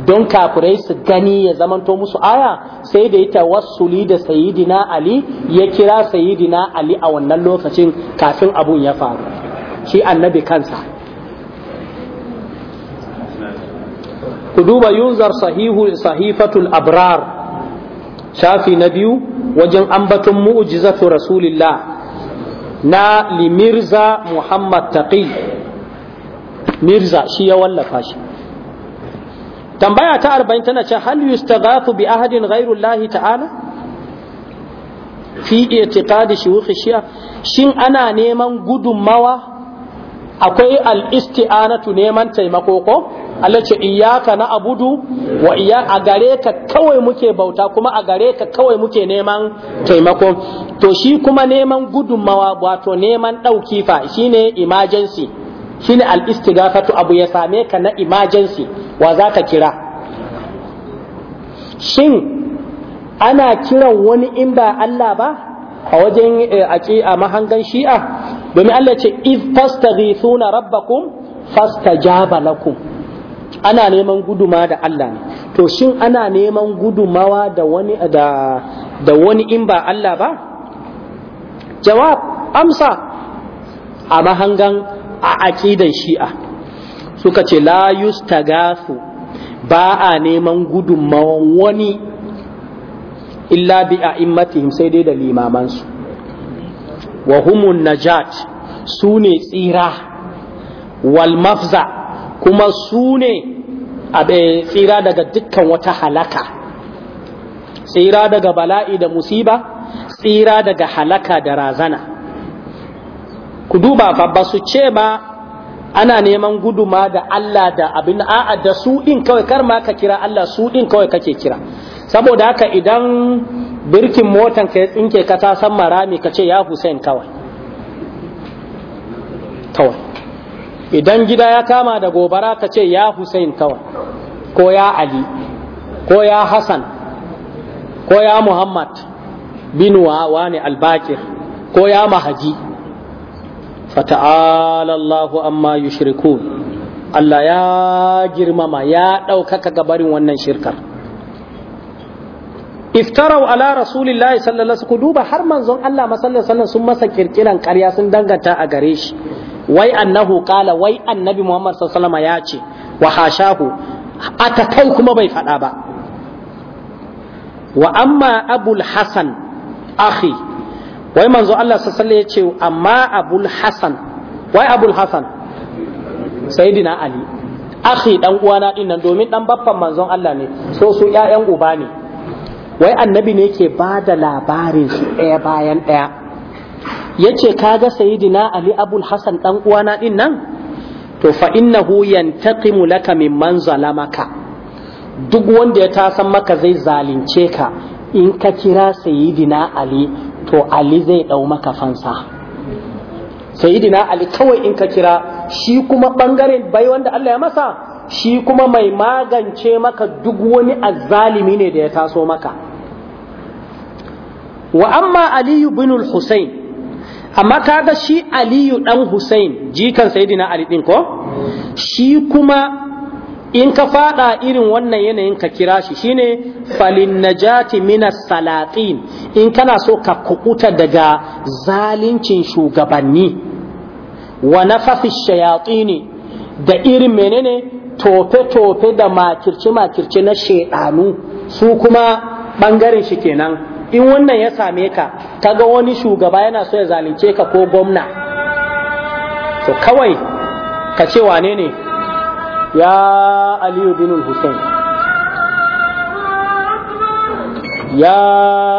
don kafirai su gani ya zamanto musu aya sai da ya tawassuli da sayidina ali ya kira sayidina ali a wannan lokacin kafin abun ya faru shi annabi kansa ku duba yunzar sahihu sahifatul abrar shafi na biyu wajen ambaton mu'jizatu rasulillah na limirza muhammad taqi mirza shi ya wallafa shi tambaya ta arba'in tana ce hal yustaghathu bi ahadin ghairu Allah ta'ala fi i'tiqadi shuyukhi shi'a shin ana neman gudummawa akwai al-isti'anatu neman taimako ko Allah ce iyyaka na abudu wa iya a gare ka kawai muke bauta kuma a gare ka kawai muke neman taimako to shi kuma neman gudummawa wato neman dauki fa shine emergency shine al-istighafatu abu ya same ka na emergency wa za ka kira shin ana kiran wani in ba Allah ba a wajen eh, a mahangan shi'a domin Allah ce iz fastaghithuna rabbakum fastajaba lakum ana neman guduma da Allah ne to shin ana neman gudumawa da wani da da wani in ba Allah ba jawab amsa a mahangan a aƙidan shi'a suka ce ta gasu ba a neman gudunmawan wani illa bi a'immatihim sai dai da limamansu wa humun najat su ne tsira wal mafza kuma su ne tsira daga dukkan wata halaka tsira daga bala'i da musiba tsira daga halaka da razana ku duba fa ba su ce ba ana neman guduma da Allah da abin a'a da su din kawai kar ma ka kira Allah su din kawai kake kira saboda haka idan birkin motan ka tsinke ka ta san marami ka ce ya Hussein kawai kawai idan gida ya kama da gobara ka ce ya Hussein kawai ko ya Ali ko ya Hassan ko ya Muhammad bin wa wani albakir ko ya mahaji fata'ala Allahu amma yushrikun Allah ya girmama ya ɗaukaka gabarin wannan shirkar iftarau ala rasulillahi sallallahu alaihi ku duba har manzon Allah masallan sallan sun masa kirkiran ƙarya sun danganta a gare shi wai annahu qala wai annabi Muhammad sallallahu alaihi ya ce wa hashahu ata kai kuma bai faɗa ba wa amma abul hasan akhi wai manzo Allah sallallahu ya ce amma abul hasan wai abul hasan sayidina ali akhi dan uwana din nan domin dan baffan manzon Allah ne so su ƴaƴan uba ne wai annabi ne ke ba da labarin su ɗaya bayan ɗaya yace kaga sayidina ali abul hasan dan uwana din nan to fa innahu yantaqimu laka mimman zalamaka duk wanda ya tasan maka zai zalunce ka in ka kira sayidina ali to ali zai ɗau maka fansa sayidina ali kawai in ka kira shi kuma bangaren bai wanda Allah ya masa shi kuma mai magance maka duk wani azzalimi ne da ya taso maka wa amma aliyu bin al-husayn amma kaga shi aliyu dan Hussein jikan sayidina Ali din ko shi kuma in ka fada irin wannan yanayin ka kira shi shine falin najati minas salatin in kana so ka kukuta daga zalincin shugabanni wa nafafi shayatin da irin menene tofe-tofe da makirce-makirce na shaidanu su kuma bangaren shi kenan in wannan ya same ka kaga wani shugaba yana so ya zalunce ka ko gwamna to kawai ka ce wane ne ya aliyu bin الحسين ya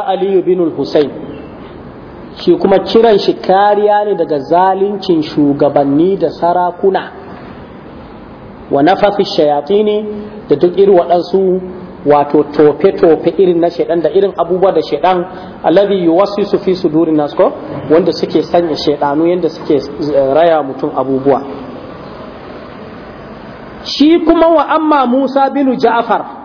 aliyu bin الحسين shi kuma kiran shi kariya ne daga zalincin shugabanni da sarakuna wa nafafi shayatini da duk irin waɗansu wato tofe-tofe irin na shaidan da irin abubuwa da shaidan alladhi yuwassisu fi sudurin nas ko wanda suke sanya shaidanu yanda suke raya mutum abubuwa shi kuma wa amma Musa bin Ja'far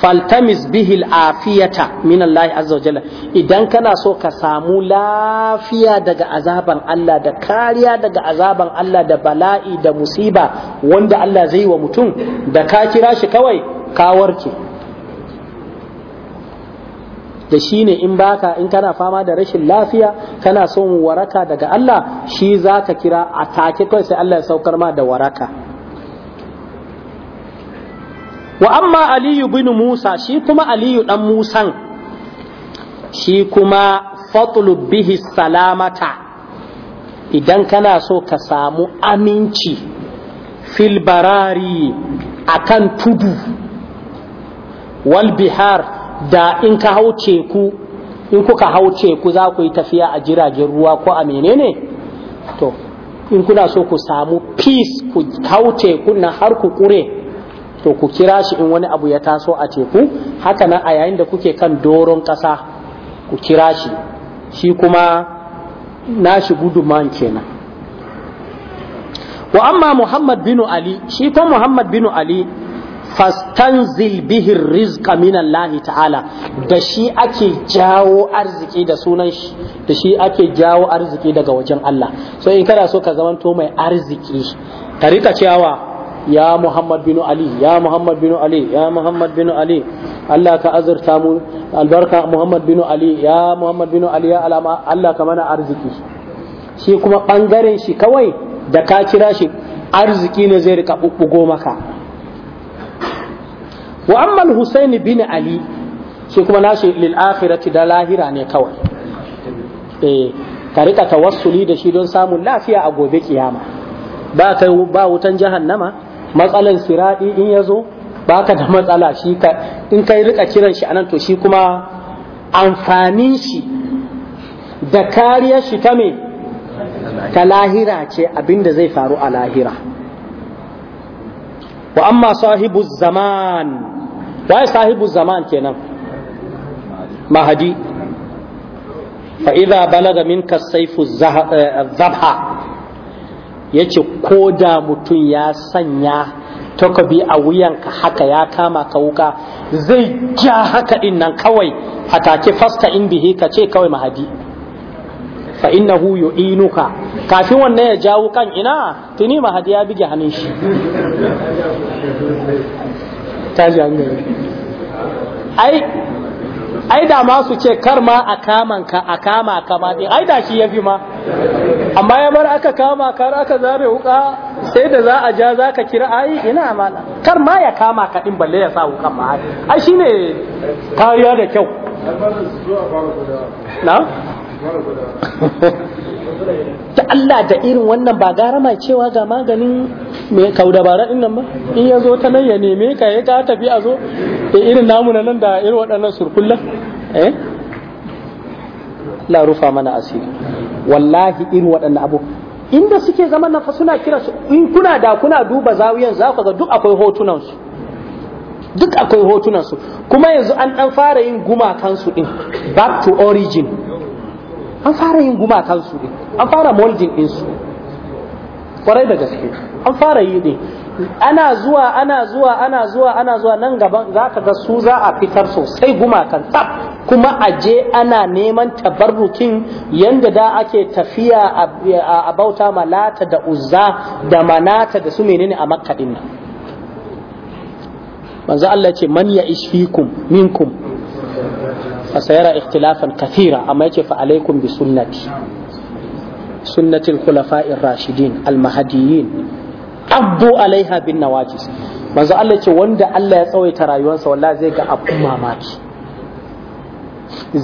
faltamis bihil afiyata min Allah azza wajalla idan kana so ka samu lafiya daga azaban Allah da kariya daga azaban Allah da bala'i da musiba wanda Allah zai wa mutum da ka kira shi kawai ka warke da shi ne in baka in kana fama da rashin lafiya kana son waraka daga Allah shi zaka kira a take kawai sai Allah ya saukar ma da waraka wa amma aliyu bin musa shi kuma aliyu dan musan shi kuma fatlub bihi salamata idan kana so ka samu aminci fil barari akan tudu wal bihar da in ka hau ku in kuka hau ku za ku yi tafiya a jiragen ruwa ko a menene to in kuna so ku samu peace ku hau teku na har ku kure to ku kira shi in wani abu ya taso a teku haka nan a yayin da kuke kan doron ƙasa ku kira shi shi kuma nashi guduman kenan wa amma muhammad bin ali shi ko muhammad bin ali fastanzil bihi rizqa min Allah ta'ala da shi ake jawo arziki da sunan shi da shi ake jawo arziki daga wajen Allah so in kana so ka zamanto mai arziki ka rika cewa ya Muhammad bin Ali ya Muhammad bin Ali ya Muhammad bin Ali Allah ka azurta mu albarka Muhammad bin Ali ya Muhammad bin Ali ya alama Allah ka mana arziki shi kuma bangaren shi kawai da ka kira shi arziki ne zai rika bubbugo maka wa amma al bin Ali shi kuma nashi lil akhirati da lahira ne kawai eh ka rika tawassuli da shi don samun lafiya a gobe kiyama ba kai ba wutan jahannama matsalan siradi in ya zo baka da matsala shi ka in kai rika kiran shi anan to shi kuma amfanin shi da kariyar shi ta me ta lahira ce abinda zai faru a lahira wa amma sahibu zaman waye sahibu zaman kenan mahadi fa idza balaga minka saifu eh, zabha yace ko da mutum ya sanya takobi a wuyanka haka ya kama ka wuka zai ja haka din nan kawai a take fasta in bihi ka ce kawai mahadi fa innahu yu'inuka kafin wannan ya jawo kan ina tuni mahadi ya bige hannun shi tashi hankali ai ai da ma su ce kar ma a kaman ka a kama ka ma ai da shi yafi ma amma ya bar aka kama kar aka zabe wuka sai da za a ja za ka kira ai ina amana kar ma ya kama ka din balle ya sa wukan ma ai shine kariya da kyau na ta [LAUGHS] Allah da irin wannan ba gara mai cewa ga maganin mai kaudabara din nan ba in ya zo ta nan ya neme ka ya ka tafi a zo eh, irin namu nan da irin waɗannan surkullan eh Allah rufa mana asiri wallahi irin waɗannan abu inda suke zama na suna kira su in kuna da kuna duba zawiyan za ku ga duk akwai hotunan su duk akwai hotunan su kuma yanzu an dan fara yin gumakan su din back to origin an fara yin gumakan su din an fara molding din su kwarai da gaske an fara yi din ana zuwa ana zuwa ana zuwa ana zuwa nan gaban za ka ga su za a fitar sosai gumakan tsaf kuma a je ana neman tabarrukin yadda da ake tafiya a bauta malata da uzza da manata da su menene a makka din nan manzo Allah ce man ya ishfikum minkum fa sayara ikhtilafan kathira amma yake fa alaikum bi sunnati sunnatil khulafa'ir rashidin al mahdiyyin addu alaiha bin nawajis manzo Allah ce wanda Allah ya tsawaita rayuwarsa wallahi zai ga abun mamaki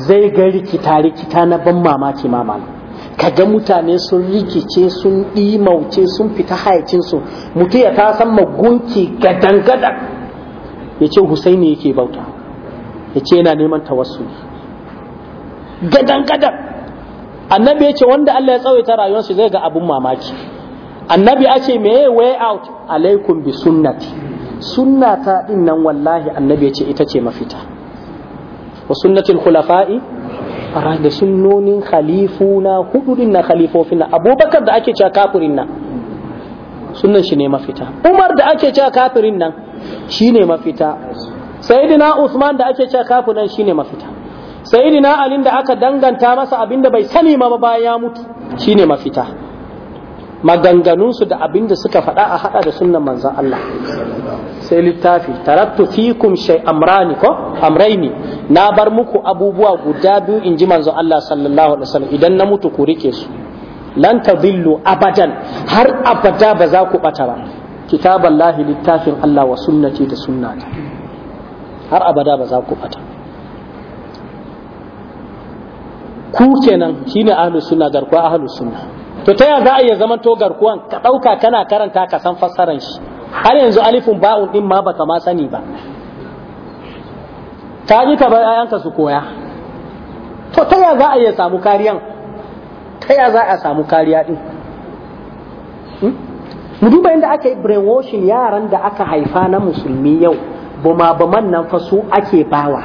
zai ga rikita rikita na ban mamaki mamaki kaga mutane sun rikice sun ɗimauce sun fita hayacinsu mutu ya ta san magunki gadan gadan ya ce husaini yake bauta ya ce yana neman tawassuli gadan gadan annabi ya ce wanda Allah ya tsawaita rayuwarsa zai ga abun mamaki annabi a ce me way out alaikum bi sunnati sunnata din nan wallahi annabi ya ce ita ce mafita wa sunnatul khulafa'i da sunnonin khalifuna hudu din na khalifofin abubakar da ake cewa kafirin nan sunnan shi ne mafita umar da ake cewa kafirin nan shi ne mafita sayyidina usman da ake cewa kafirin shi ne mafita sayyidina ali da aka danganta masa abinda bai sani ma ba ya mutu shi ne mafita maganganunsu da abin da suka faɗa a haɗa da sunnan manzan Allah sai littafi tarattu fikum shay amrani ko amraini na bar muku abubuwa guda biyu inji manzon Allah sallallahu alaihi wasallam idan na mutu ku rike su lan tadillu abadan har abada ba za ku bata ba kitaballahi littafin Allah wa sunnati da sunnata har abada ba za ku bata ku kenan shine ahlus sunna garkuwa ahlus sunna to ta ya za a iya zaman to garkuwan ka ɗauka kana karanta ka san fassaran shi har yanzu alifin ba'un din ma baka ma sani ba ka ji ka bar ayanka su koya to ta ya za a iya samu kariyan ta za samu kariya din hmm? mu duba inda aka yi brainwashing yaran da aka haifa na musulmi yau bama baman nan fa su ake bawa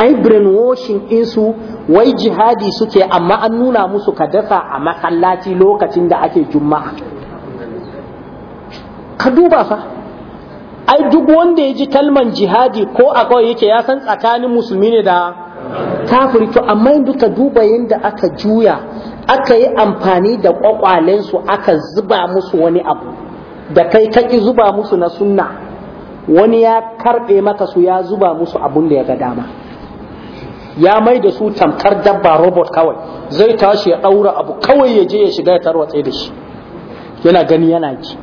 ai brainwashing insu wai jihadi suke amma an nuna musu ka dafa a makallaci lokacin da ake juma'a ka duba fa ai duk wanda ya ji kalman jihadi ko a kawai yake ya san tsakanin musulmi ne da kafiri to amma yanzu ka duba yadda aka juya aka yi amfani da kwakwalensu aka zuba musu wani abu da kai kaki zuba musu na sunna wani ya karɓe maka su ya zuba musu abun da ya ga dama ya mai da su tamkar dabba robot kawai zai tashi ya ɗaura abu kawai ya je ya shiga ya tarwatse da shi yana gani yana ji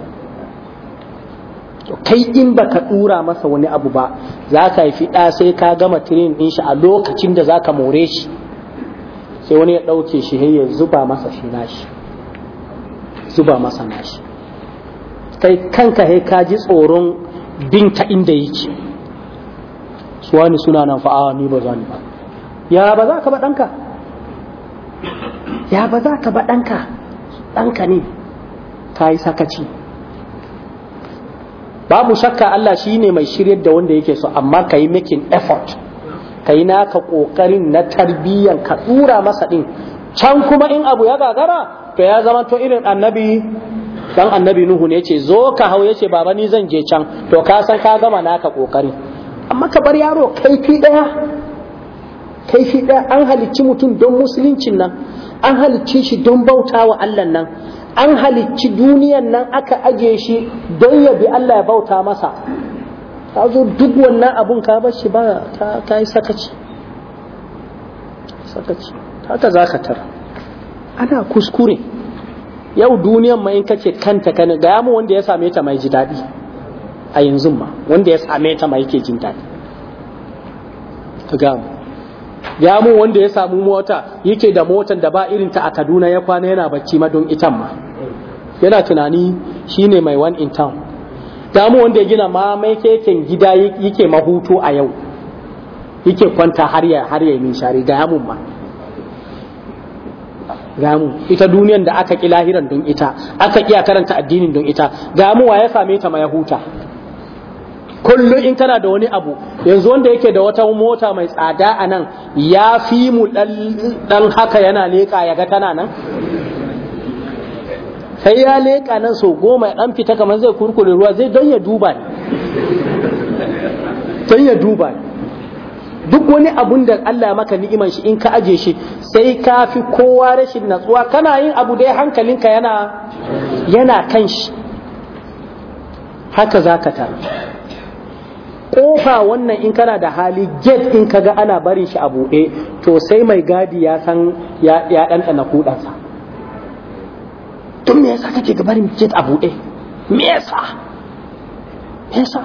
kai in ba ka ɗura masa wani abu ba za ka haifi ɗa sai ka gama tirin din shi a lokacin da za ka more shi sai wani ya ɗauke shi ya zuba masa shi nashi zuba masa nashi kai kanka sai ka ji tsoron binta ta inda yake su wani suna nan fa'a ni ba za ni ba ya ba za ka ba ɗanka ya ba za ka ba ɗanka ɗanka ne ka yi sakaci babu shakka Allah shi ne mai shiryar da wanda yake so amma ka yi making effort ka yi naka ƙoƙarin na tarbiyyar ka ɗura masa ɗin can kuma in abu ya gagara to ya zama to irin annabi dan annabi nuhu ne ce zo ka hau ce baba ni zan je can to ka san ka gama naka ƙoƙari amma ka bar yaro kaifi ɗaya? shi ɗaya an halicci mutum don musuluncin nan an halicci shi don bauta wa Allah nan an halicci duniyan nan aka aje shi don ya bi Allah ya bauta masa Ta zo duk wannan abun ka bar shi ba ta yi sakaci sakaci ta za ka tara ana kuskure yau duniyan ma in kace kanta kane ga mu wanda ya same ta mai ji daɗi a yanzu ma wanda ya same ta mai ke jin daɗi ka gamu ya mu wanda ya samu mota yake da motan da ba irinta a Kaduna ya kwana yana bacci ma don itan ma yana tunani shine mai one in town ya mu wanda ya gina ma mai keken gida yake mahutu a yau yake kwanta har ya har ya min share. ga mu ma gamu ita duniyar da aka ƙi lahiran don ita aka ƙi karanta addinin don ita gamuwa ya same ta ma ya huta kullum in kana da wani abu yanzu wanda yake da wata mota mai tsada a nan ya fi mu dan haka yana leƙa ya ga tana nan sai ya leƙa nan sau goma ya dan fita kamar zai kurkure ruwa zai don ya duba ne don ya duba ne duk wani abun da Allah maka ni'iman shi in ka aje shi sai ka fi kowa rashin natsuwa kana yin abu dai hankalinka yana yana kan shi haka zaka ka tara kofa wannan in kana da hali gate in kaga ana barin shi a buɗe to sai mai gadi ya san ya ɗanɗana kuɗansa tun me yasa kake ga barin gate a buɗe me yasa me yasa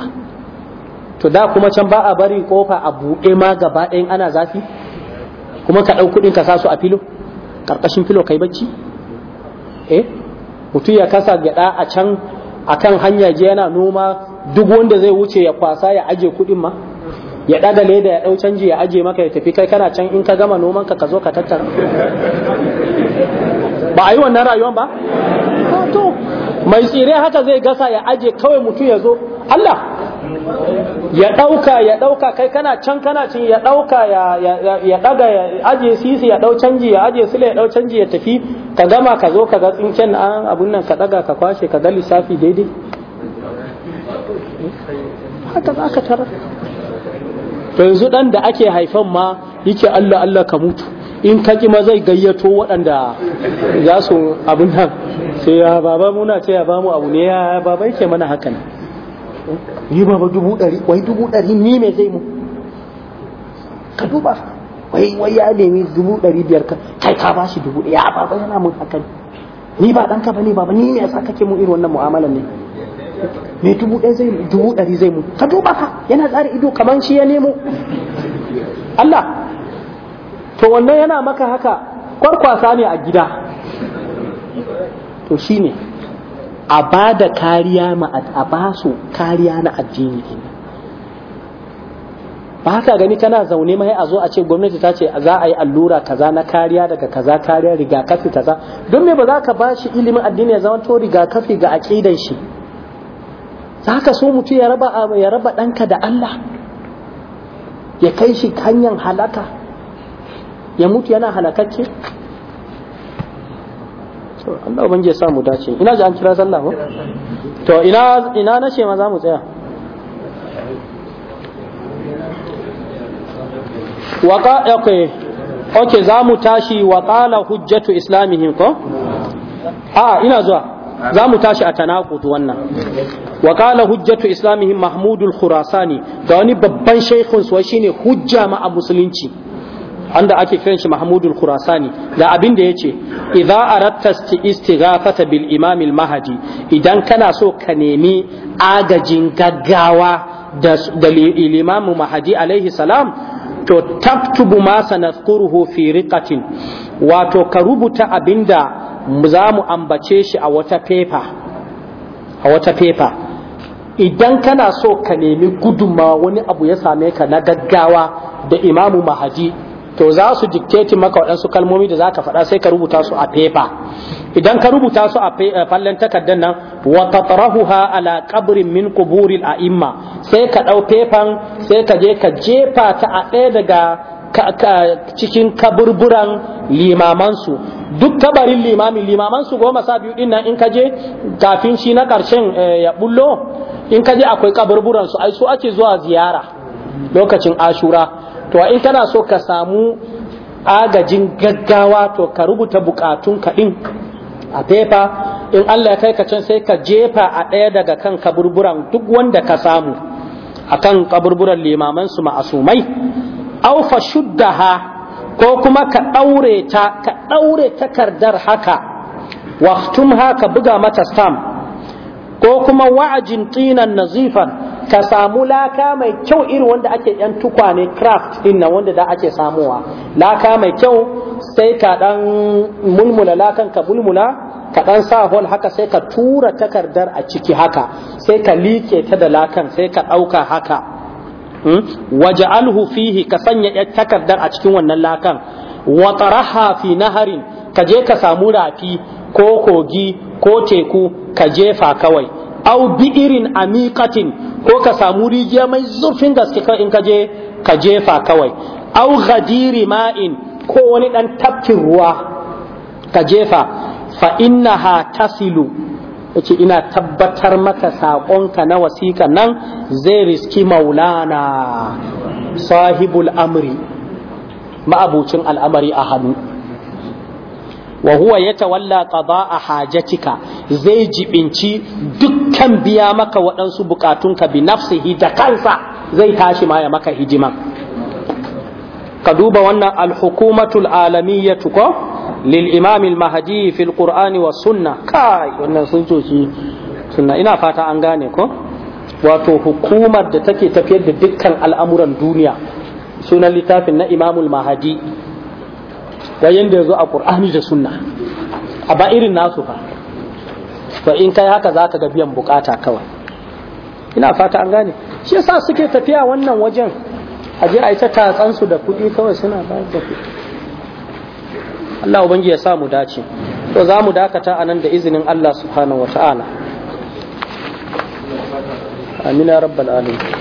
to da kuma can ba a barin kofa a buɗe ma gaba ɗayan ana zafi kuma ka ɗau kuɗin ka sa su a filo ƙarƙashin filo kai bacci eh mutum ya kasa gyaɗa a can akan hanya je yana noma duk wanda zai wuce ya kwasa ya aje kuɗin ma ya ɗaga leda ya ɗau canji ya aje maka ya tafi kai kana can in ka gama noman ka ka zo ka tattara ba a yi wannan rayuwan ba ah, to mai tsire haka zai gasa ya aje kawai mutum ya zo Allah ya ɗauka ya ɗauka kai kana can kana cin ya ɗauka ya ɗaga ya aje sisi ya ɗau canji ya aje sila ya ɗau canji ya tafi ka gama ka zo ka ga tsinken an abun nan ka ɗaga ka kwashe ka ga lissafi daidai haka za ka tara to yanzu dan da ake haifan ma yake Allah Allah ka mutu in ka ma zai gayyato waɗanda za su abin nan sai ya baba muna ce ya ba mu abu ne ya baba yake mana haka ne ni baba dubu ɗari wai dubu ɗari ni me zai mu ka duba wai wai ya nemi dubu ɗari biyar ka kai ka ba shi dubu ya baba yana mun haka ne ni ba ɗanka ba ne baba ni ne ya sa kake mu irin wannan mu'amalan ne mai dubu ɗaya zai dubu ɗari zai mutu ka duba ka yana tsari ido kamar shi ya nemo Allah to wannan yana maka haka kwarkwasa ne a gida to shine a ba da kariya ma a ba su kariya na addini ba haka gani kana zaune mai a zo a ce gwamnati ta ce za a yi allura kaza na kariya daga kaza kariya rigakafi kaza don me ba za ka ba shi ilimin addini ya zama to rigakafi ga aƙidan shi za ka so mutu ya raba ya raba ɗanka da Allah ya kai shi hanyar halaka ya mutu yana halakacce Allah ubangiji ya sa mu dace ina ji an kira sallah ba to ina ina na ce ma za mu tsaya waka okay okay za mu tashi wa qala hujjatu islamihim ko a ina zuwa za mu tashi a tanakut wannan wa hujjatu islamihim mahmudul khurasani da wani babban shaykhun su shine hujja ma a musulunci anda ake kiran shi mahmudul khurasani da abin da yace idza aratta istighafata bil imam al mahdi idan kana so ka nemi agajin gaggawa da limamu mahdi alaihi salam to taktubu ma sanadkuruhu fi riqatin wato ka rubuta abinda za mu ambace shi a wata fefa a wata fefa idan kana so ka nemi gudunmawa wani abu ya same ka na gaggawa da imamu mahaji to za su dikteti maka waɗansu kalmomi da za ka faɗa sai ka rubuta su a fefa idan ka rubuta su a fallon takardar nan wa tatrahuha ala qabrin min quburil a'imma sai ka ɗau fefan sai ka je ka jefa ta a ɗaya daga cikin kaburburan limamansu duk kabarin limamin limamansu goma sa biyu din nan in kaje kafin shi na karshen eh, ya bullo in kaje akwai kaburburan su ai su ake zuwa ziyara lokacin ashura to in kana so ka samu agajin gaggawa to ka rubuta bukatun ka din a fefa in Allah ya kai ka can sai ka jefa a ɗaya daga kan kaburburan duk wanda ka samu akan kaburburan limaman su ma'asumai aw shuddaha ko kuma ka daure ta ka daure takardar haka ha ka buga mata stamp ko kuma wa'ajin tinan nazifan ka samu laka mai kyau irin wanda ake yan tukwane craft din nan wanda da ake samuwa laka mai kyau sai ka dan mulmula lakan ka bulmula ka ɗan sa hol haka sai ka tura takardar a ciki haka sai ka like ta da lakan sai ka ɗauka haka Hmm? waj'alhu fihi ka sanya takardar a cikin wannan lakan wa taraha fi naharin ka je ka samu rafi ko kogi ko teku ka jefa kawai au bi'irin amiqatin ko ka samu rijiya mai zurfin gaske in ka je ka jefa kawai au ghadiri ma'in ko wani dan tafkin ruwa ka jefa fa innaha tasilu yace ina tabbatar maka saƙonka na wasiƙa nan zai riski maulana sahibul amri ma'abucin al'amari a hannu wa huwa ya tawalla qada a hajatika zai jibinci dukkan biya maka waɗansu bukatunka bi nafsihi da kansa zai tashi ma ya maka hidiman ka duba wannan alhukumatul alamiyyatu ko lil imam al mahdi fi al qur'ani wa sunna kai wannan sun coci sunna ina fata an gane ko wato hukumar da take tafiyar da dukkan al'amuran duniya sunan littafin na imamul mahadi da yadda ya zo a kur'ani da sunna a ba irin nasu fa to in kai haka za ka ga biyan bukata kawai ina fata an gane suke tafiya wannan wajen a a da kuɗi kawai suna ba da kuɗi Allah ubangi ya sa mu dace to za mu dakata a nan da izinin Allah subhanahu wa ta'ala amina rabbal alamin